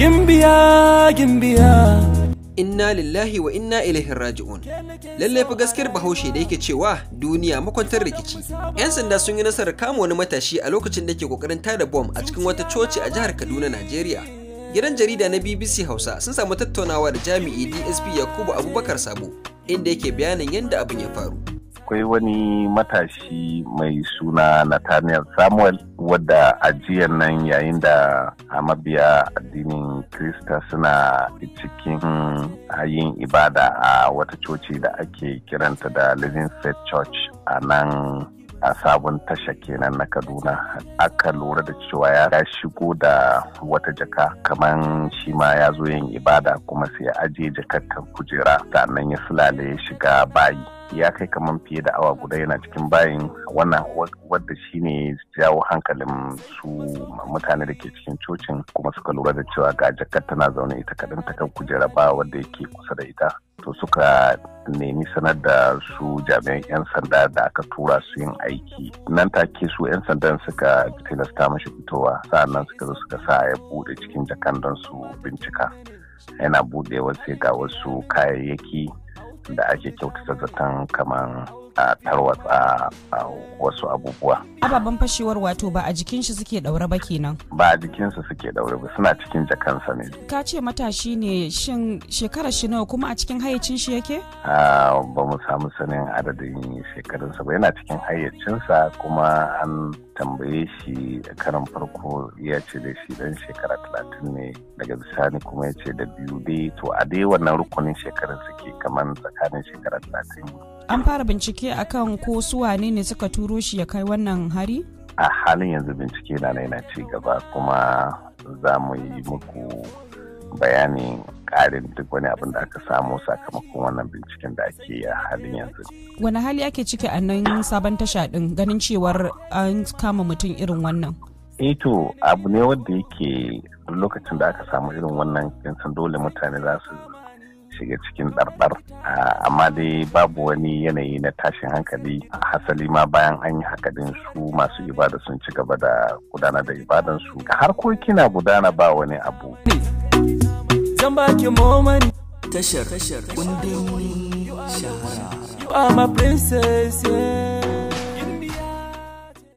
Gimbiya, gimbiya. Inna lillahi wa inna ilaihi raji'un. Lallai fa gaskiyar Bahaushe da yake cewa duniya makwantar rikici. 'Yan sanda sun yi nasarar kama wani matashi a lokacin da ke kokarin tada bom a cikin wata coci a jihar Kaduna, Najeriya. Gidan jarida na BBC Hausa sun samu tattaunawa da jami'i DSP Yakubu Abubakar Sabo inda yake bayanin yadda abin ya faru. akwai wani matashi mai suna Nathaniel Samuel wadda ajiyar nan yayin da a mabiya addinin Krista suna cikin yin ibada a wata coci da ake kiranta da Living Faith Church a nan a sabon tasha kenan na kaduna aka lura da cewa ya shigo da wata jaka kamar shi ma ya zo yin ibada kuma sai ya ajiye jakar kujera sannan ya sulale ya shiga bayi ya kai kamar fiye da awa guda yana cikin bayin wannan wadda shi ne jawo hankalin su mutane da ke cikin cocin kuma suka lura da cewa ga jakar tana zaune ita kaɗan ta kan kujera ba wadda yake kusa da ita to suka nemi sanar da su jami'an 'yan sanda da aka tura su yin aiki nan take su 'yan sandan suka tilasta mashi fitowa sa'annan suka zo suka sa ya bude cikin jakan don su bincika yana bude sai ga wasu kayayyaki da ake kyautata zaton kamar a tarwatsa wasu abubuwa. Ababen fashewar wato ba a jikin shi suke daure ba kenan. Ba a jikin su suke daure ba suna cikin jakansa ne. Ka ce matashi ne shin shekarar shi nawa kuma a cikin hayyacin shi yake? Ba mu samu sanin adadin shekarunsa ba yana cikin hayyacinsa kuma an tambaye shi karan farko ya ce da shi dan shekara talatin ne daga bisani kuma ya ce da biyu dai to a dai wannan rukunin shekarun suke kamar tsakanin shekara talatin an fara bincike akan ko su wane ne suka turo shi ya kai wannan hari a halin yanzu bincike na na ci gaba kuma za mu yi muku bayanin karin duk wani abin da aka samu sakamakon wannan binciken da ake a halin yanzu. Wani hali ake ciki a nan sabon tasha ɗin ganin cewar an kama mutum irin wannan? Eto eh abu ne wanda yake lokacin da aka samu irin wannan kinsan dole mutane za su shiga cikin ɗarɗar amma dai babu wani yanayi na tashin hankali a hasali ma bayan an yi hakadin su masu ibada sun ci gaba da gudanar da su, ibadan ibadansu harkoki na gudana ba wani abu princess